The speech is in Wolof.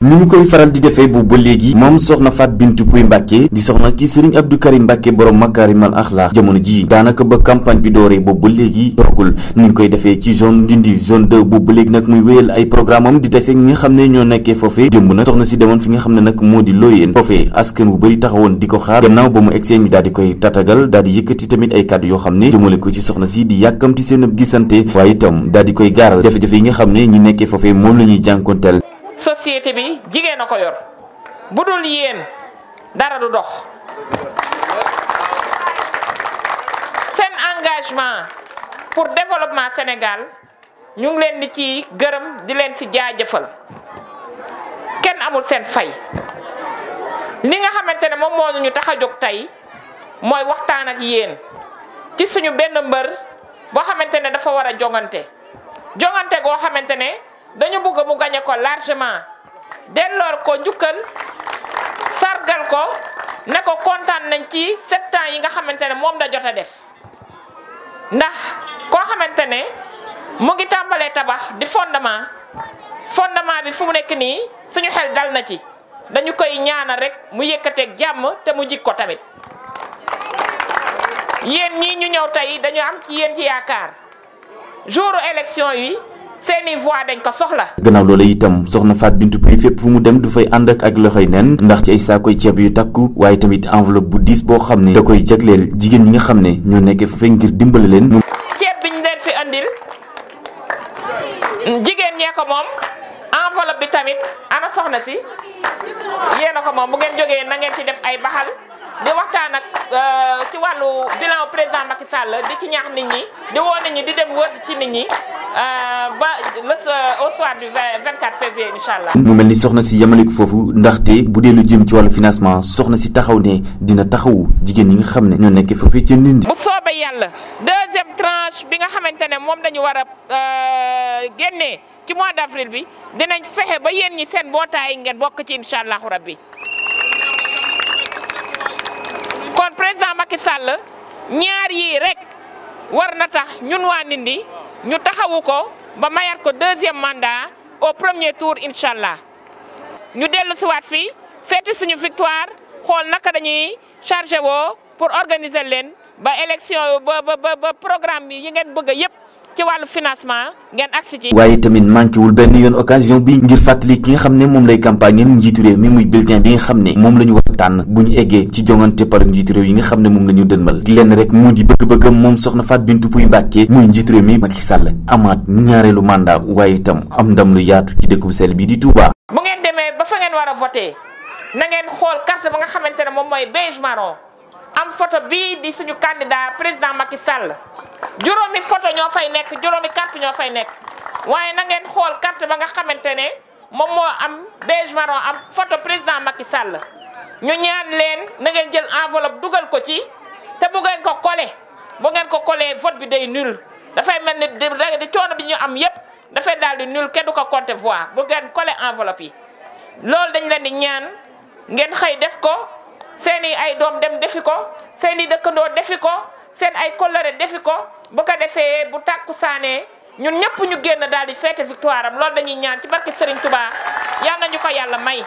ni ñu koy faral di defee bu ba léegi moom soxna Faat Bintou Pouye Mbacke di soxna ci Serigne Abdou Karim Mbacke borom makaarimal axlaax jamono jii daanaka ba campagne bi dooree boobu ba léegi toogul ni ñu koy defee ci zone Ndindi zone 2 boobu ba léegi nag muy wéyal ay programme di dese ñi nga xam ne ñoo nekkee foofee jëmb na soxna si demoon fi nga xam ne nag moo di looyeen foofee askan bu bëri taxawoon di ko xaar gannaaw ba mu egsee ñu daal di koy tatagal daal di yëkkati tamit ay kàddu yoo xam ne jëmale ko ci soxna si di yàkkamti seen ab waaye itam daal di koy gaaral jafe-jafe yi nga xam ne ñu nekkee foofee moom la ñuy jànkonteel société bi jigéen a ko yor bu dul yéen dara du dox seen engagement pour développement Sénégal ñu ngi leen di ci gërëm di leen ci jaajëfal kenn amul seen fay li nga xamante ne moom moo ñu tax a jóg tey mooy waxtaan ak yéen ci suñu benn mbër boo xamante ne dafa war a jongante jongante goo xamante ne dañu bëgg mu gañe ko largement delloor ko njukkal sargal ko ne ko kontaan nañ ci sept yi nga xamante ne moom da jot a def ndax koo xamante ne mu ngi tàmbalee tabax di fondement fondement bi fu nekk nii suñu xel dal na ci dañu koy ñaanal rek mu yëkkateeg jàmm te mu jik ko tamit yéen ñi ñu ñëw tey dañu am ci yéen ci yaakaar jouru élection yi seeni voix dañ ko soxla. gannaaw loola itam soxna Faat Bintou Pouye fépp fu mu dem du fay ànd ak ak loxoy nen ndax ci ay saakoy ceeb yu takku waaye tamit enveloppe bu diis boo xam ne da koy jagleel jigéen ñi nga xam ne ñoo nekkee foofee ngir dimbale leen. Mm. ceeb bi mm, ko moom enveloppe bi tamit ana soxna si yéen ko moom bu ngeen jógee na ci def ay baxal. di waxtaan ak euh, ci wàllu bilan président Macky Sall di ci ñaax nit ñi di woo nit ñi di dem wër ci nit ñi euh, ba le euh, au soir du 24 février incha allah. mu mel ni soxna si yemaliku foofu ndaxte bu dee lu jëm ci wàllu financement soxna si taxaw ne dina taxawu jigéen yi nga xam ne ñoo nekk foofu ci Ndindi. bu soobee yàlla deuxième tranche bi nga xamante ne moom dañu war a génnee ci mois d' avril bi dinañ fexe ba yéen ñi seen mbootaay ngeen bokk ci incha allahu rabbi président Macky Sall ñaar yii rek war na tax ñun waanindi ñu taxawu ko ba mayaat ko deuxième mandat au premier tour incha allah ñu dellu si waat fii feeti suñu victoire xool naka dañuy chargé woo pour organiser leen ba élection ba ba ba programme yi ngeen bëgg yëpp ci wàllu financement ngeen agsi ci. waaye tamit manqué wul benn yoon occasion bi ngir fàttali ki nga xam ne moom lay campagne njiitu réew mi muy bulletin bi nga xam ne moom la ñu war a tànn bu ñu eggee ci jongante par njiitu réew yi nga xam ne moom la ñu dënmal di leen rek moo di bëgg-bëggam moom soxna Fatou Binetou Pouye Mbacké muy njiitu réew mi Macky Sall amaat ñaareelu mandat waaye itam am ndam lu ci dëkk bu sell di Touba. bu ngeen demee ba fa a am photo bii di suñu candidat président Macky Sall juróomi photo ñoo fay nekk juróomi carte ñoo fay nekk waaye na ngeen xool carte ba nga xamante ne moom moo am beige marron am photo président Macky Sall ñu ñaan leen na ngeen jël enveloppe dugal ko ci te bu ngeen ko collé bu ngeen ko collé vote bi day nul dafay mel ni di coono bi ñu am yépp dafay daal di nul kenn du ko compter voix bu ngeen collé enveloppe yi loolu dañ leen di ñaan ngeen xëy def ko. seeni ay doom dem defi ko seeni dëkkandoo defi ko seen ay kollëre defi ko bu ko defee bu tàkku saanee ñun ñëpp ñu génn daal di feete victoire am loolu dañuy ñaan ci barke Serigne Touba yal nañu ko yàlla may.